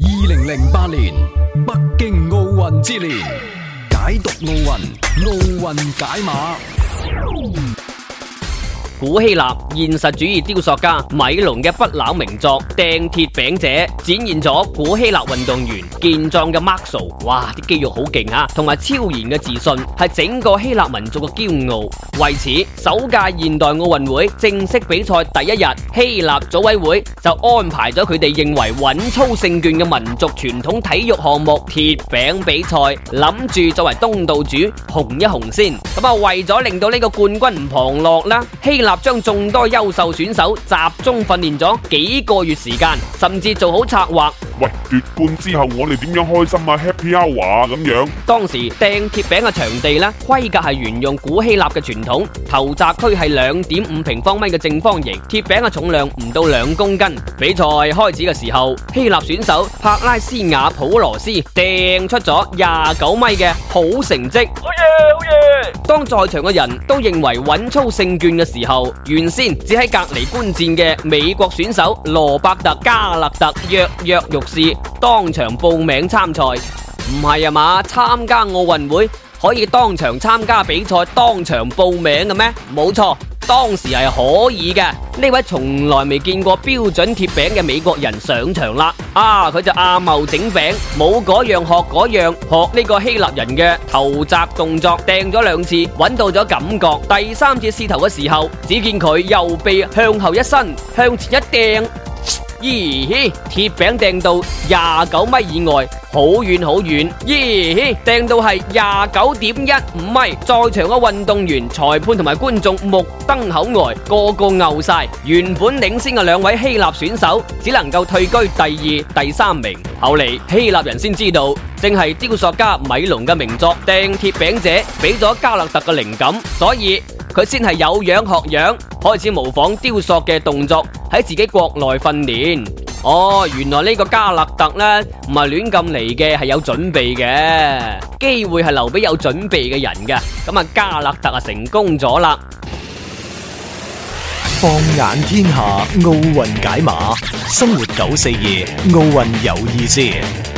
二零零八年北京奧運之年，解讀奧運，奧運解碼。古希臘現實主義雕塑家米隆嘅不朽名作《掟鐵餅者》，展現咗古希臘運動員健壯嘅 muscle，哇！啲肌肉好勁啊，同埋超然嘅自信，係整個希臘民族嘅驕傲。為此，首屆現代奧運會正式比賽第一日，希臘組委會就安排咗佢哋認為穩操勝券嘅民族傳統體育項目鐵餅比賽，諗住作為東道主紅一紅先。咁啊，為咗令到呢個冠軍唔旁落啦，希臘。將眾多優秀選手集中訓練咗幾個月時間，甚至做好策劃。喂，奪冠之後我哋點樣開心啊？Happy Hour 咁樣。當時掟鐵餅嘅場地呢，規格係沿用古希臘嘅傳統，投擲區係兩點五平方米嘅正方形，鐵餅嘅重量唔到兩公斤。比賽開始嘅時候，希臘選手帕拉斯瓦普羅斯掟出咗廿九米嘅好成績。好嘢！好嘢！當在場嘅人都認為穩操勝券嘅時候，原先只喺隔籬觀戰嘅美國選手羅伯特加勒特約約肉。是當場報名參賽，唔係啊嘛？參加奧運會可以當場參加比賽、當場報名嘅咩？冇錯，當時係可以嘅。呢位從來未見過標準鐵餅嘅美國人上場啦！啊，佢就阿茂整餅，冇嗰樣學嗰樣，學呢個希臘人嘅投擲動作，掟咗兩次，揾到咗感覺。第三次試投嘅時候，只見佢右臂向後一伸，向前一掟。咦，鐵餅掟到廿九米以外，好遠好遠！咦，掟 到係廿九點一五米，在場嘅運動員、裁判同埋觀眾目瞪口呆，個個牛晒。原本領先嘅兩位希臘選手只能夠退居第二、第三名。後嚟希臘人先知道，正係雕塑家米隆嘅名作《掟鐵餅者》俾咗加勒特嘅靈感，所以佢先係有樣學樣，開始模仿雕塑嘅動作。喺自己國內訓練哦，原來呢個加勒特呢，唔係亂咁嚟嘅，係有準備嘅，機會係留俾有準備嘅人嘅。咁啊，加勒特啊成功咗啦！放眼天下，奧運解碼，生活九四二，奧運有意思。